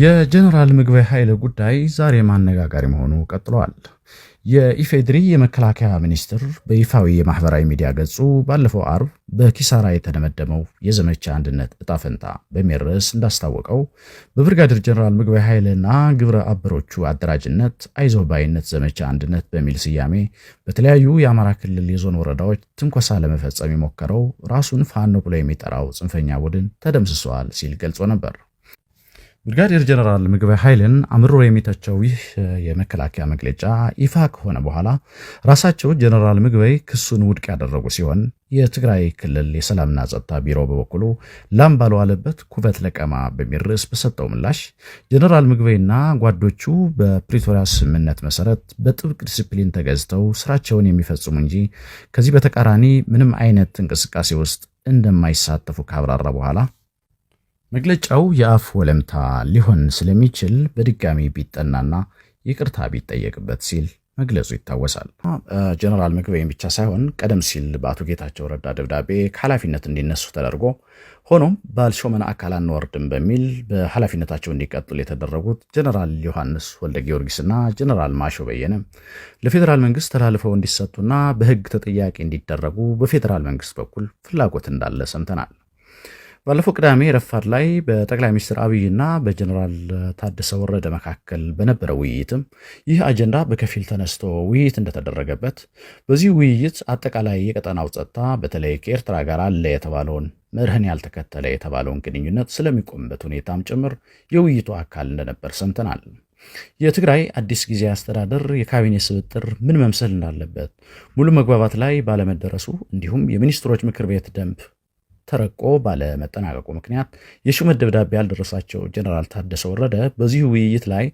የጀኔራል ምግበይ ኃይለ ጉዳይ ዛሬ ማነጋገሪ መሆኑ ቀጥሏል። የኢፌድሪ የመከላከያ ሚኒስትር በይፋዊ የማህበራዊ ሚዲያ ገጹ ባለፈው አርብ በኪሳራ የተደመደመው የዘመቻ አንድነት እጣፈንታ በሚል ርዕስ እንዳስታወቀው በብርጋዴር ጀኔራል ምግበይ ኃይለና ግብረ አበሮቹ አደራጅነት አይዞህ ዘመቻ አንድነት በሚል ስያሜ በተለያዩ የአማራ ክልል የዞን ወረዳዎች ትንኮሳ ለመፈጸም የሞከረው ራሱን ፋኖ ብሎ የሚጠራው ጽንፈኛ ቡድን ተደምስሷል ሲል ገልጾ ነበር። ብርጋዴር ጀነራል ምግበይ ኃይልን አምሮ የሚተቸው ይህ የመከላከያ መግለጫ ይፋ ከሆነ በኋላ ራሳቸው ጀነራል ምግበይ ክሱን ውድቅ ያደረጉ ሲሆን የትግራይ ክልል የሰላምና ጸጥታ ቢሮ በበኩሉ ላም ባለዋለበት ኩበት ለቀማ በሚል ርዕስ በሰጠው ምላሽ ጀነራል ምግበይና ጓዶቹ በፕሪቶሪያ ስምምነት መሰረት በጥብቅ ዲስፕሊን ተገዝተው ስራቸውን የሚፈጽሙ እንጂ ከዚህ በተቃራኒ ምንም አይነት እንቅስቃሴ ውስጥ እንደማይሳተፉ ካብራራ በኋላ መግለጫው የአፍ ወለምታ ሊሆን ስለሚችል በድጋሚ ቢጠናና ይቅርታ ቢጠየቅበት ሲል መግለጹ ይታወሳል። ጀነራል ምግበይን ብቻ ሳይሆን ቀደም ሲል በአቶ ጌታቸው ረዳ ደብዳቤ ከኃላፊነት እንዲነሱ ተደርጎ ሆኖም ባልሾመን አካል አንወርድም በሚል በኃላፊነታቸው እንዲቀጥሉ የተደረጉት ጀነራል ዮሐንስ ወልደ ጊዮርጊስና ጀነራል ማሾ በየነ ለፌዴራል መንግስት ተላልፈው እንዲሰጡና በህግ ተጠያቂ እንዲደረጉ በፌዴራል መንግስት በኩል ፍላጎት እንዳለ ሰምተናል። ባለፈው ቅዳሜ ረፋድ ላይ በጠቅላይ ሚኒስትር አብይና በጀኔራል ታደሰ ወረደ መካከል በነበረ ውይይትም ይህ አጀንዳ በከፊል ተነስቶ ውይይት እንደተደረገበት፣ በዚህ ውይይት አጠቃላይ የቀጠናው ጸጥታ በተለይ ከኤርትራ ጋር አለ የተባለውን መርህን ያልተከተለ የተባለውን ግንኙነት ስለሚቆምበት ሁኔታም ጭምር የውይይቱ አካል እንደነበር ሰምተናል። የትግራይ አዲስ ጊዜ አስተዳደር የካቢኔ ስብጥር ምን መምሰል እንዳለበት ሙሉ መግባባት ላይ ባለመደረሱ እንዲሁም የሚኒስትሮች ምክር ቤት ደንብ ተረቆ ባለመጠናቀቁ ምክንያት የሹመት ደብዳቤ ያልደረሳቸው ጀነራል ታደሰ ወረደ በዚህ ውይይት ላይ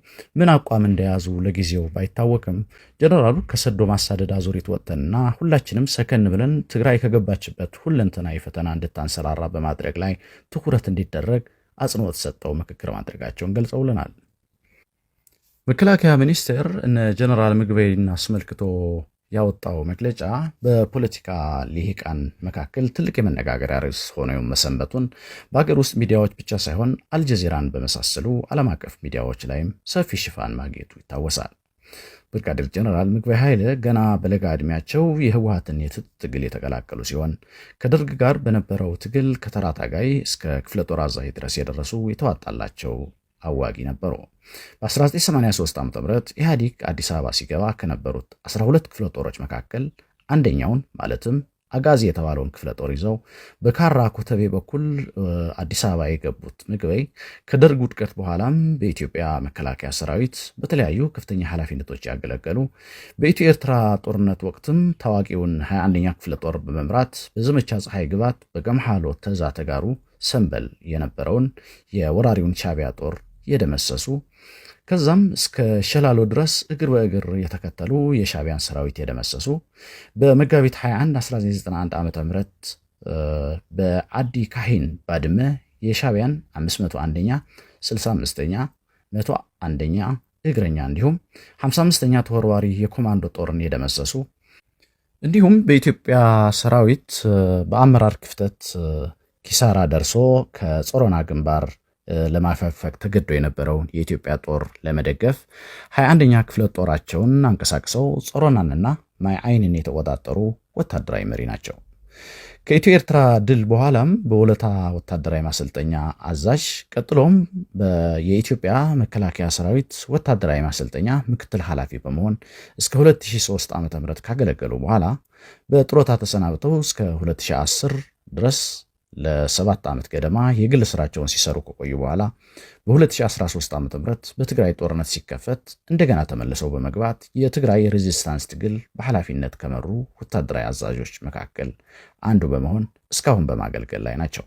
ምን አቋም እንደያዙ ለጊዜው ባይታወቅም ጀነራሉ ከሰዶ ማሳደድ አዙሪት ወጥተንና ሁላችንም ሰከን ብለን ትግራይ ከገባችበት ሁለንተናዊ ፈተና እንድታንሰራራ በማድረግ ላይ ትኩረት እንዲደረግ አጽንኦት ሰጠው ምክክር ማድረጋቸውን ገልጸውልናል። መከላከያ ሚኒስቴር እነ ጀነራል ምግበይን አስመልክቶ ያወጣው መግለጫ በፖለቲካ ሊሂቃን መካከል ትልቅ የመነጋገሪያ ርዕስ ሆኖ መሰንበቱን በሀገር ውስጥ ሚዲያዎች ብቻ ሳይሆን አልጀዚራን በመሳሰሉ ዓለም አቀፍ ሚዲያዎች ላይም ሰፊ ሽፋን ማግኘቱ ይታወሳል። ብርጋዴር ጀነራል ምግበይ ኃይለ ገና በለጋ ዕድሜያቸው የህወሀትን የትጥቅ ትግል የተቀላቀሉ ሲሆን ከደርግ ጋር በነበረው ትግል ከተራ ታጋይ እስከ ክፍለ ጦር አዛዥ ድረስ የደረሱ የተዋጣላቸው አዋጊ ነበሩ። በ1983 ዓ ም ኢህአዲግ አዲስ አበባ ሲገባ ከነበሩት 12 ክፍለ ጦሮች መካከል አንደኛውን ማለትም አጋዚ የተባለውን ክፍለ ጦር ይዘው በካራ ኮተቤ በኩል አዲስ አበባ የገቡት ምግበይ ከደርግ ውድቀት በኋላም በኢትዮጵያ መከላከያ ሰራዊት በተለያዩ ከፍተኛ ኃላፊነቶች ያገለገሉ፣ በኢትዮ ኤርትራ ጦርነት ወቅትም ታዋቂውን 21ኛ ክፍለ ጦር በመምራት በዘመቻ ፀሐይ ግባት በገምሃሎ ተዛ ተጋሩ ሰንበል የነበረውን የወራሪውን ሻቢያ ጦር የደመሰሱ ከዛም እስከ ሸላሎ ድረስ እግር በእግር የተከተሉ የሻቢያን ሰራዊት የደመሰሱ በመጋቢት 21 1991 ዓ ም በአዲ ካሂን ባድመ የሻቢያን 501ኛ 65ኛ 101ኛ እግረኛ እንዲሁም 55ኛ ተወርዋሪ የኮማንዶ ጦርን የደመሰሱ እንዲሁም በኢትዮጵያ ሰራዊት በአመራር ክፍተት ኪሳራ ደርሶ ከጾሮና ግንባር ለማፈግፈግ ተገዶ የነበረውን የኢትዮጵያ ጦር ለመደገፍ 21ኛ ክፍለ ጦራቸውን አንቀሳቅሰው ጾሮናንና ማይ አይንን የተቆጣጠሩ ወታደራዊ መሪ ናቸው። ከኢትዮ ኤርትራ ድል በኋላም በወለታ ወታደራዊ ማሰልጠኛ አዛዥ፣ ቀጥሎም የኢትዮጵያ መከላከያ ሰራዊት ወታደራዊ ማሰልጠኛ ምክትል ኃላፊ በመሆን እስከ 2003 ም ካገለገሉ በኋላ በጥሮታ ተሰናብተው እስከ 2010 ድረስ ለሰባት ዓመት ገደማ የግል ስራቸውን ሲሰሩ ከቆዩ በኋላ በ2013 ዓ ም በትግራይ ጦርነት ሲከፈት እንደገና ተመልሰው በመግባት የትግራይ ሬዚስታንስ ትግል በኃላፊነት ከመሩ ወታደራዊ አዛዦች መካከል አንዱ በመሆን እስካሁን በማገልገል ላይ ናቸው።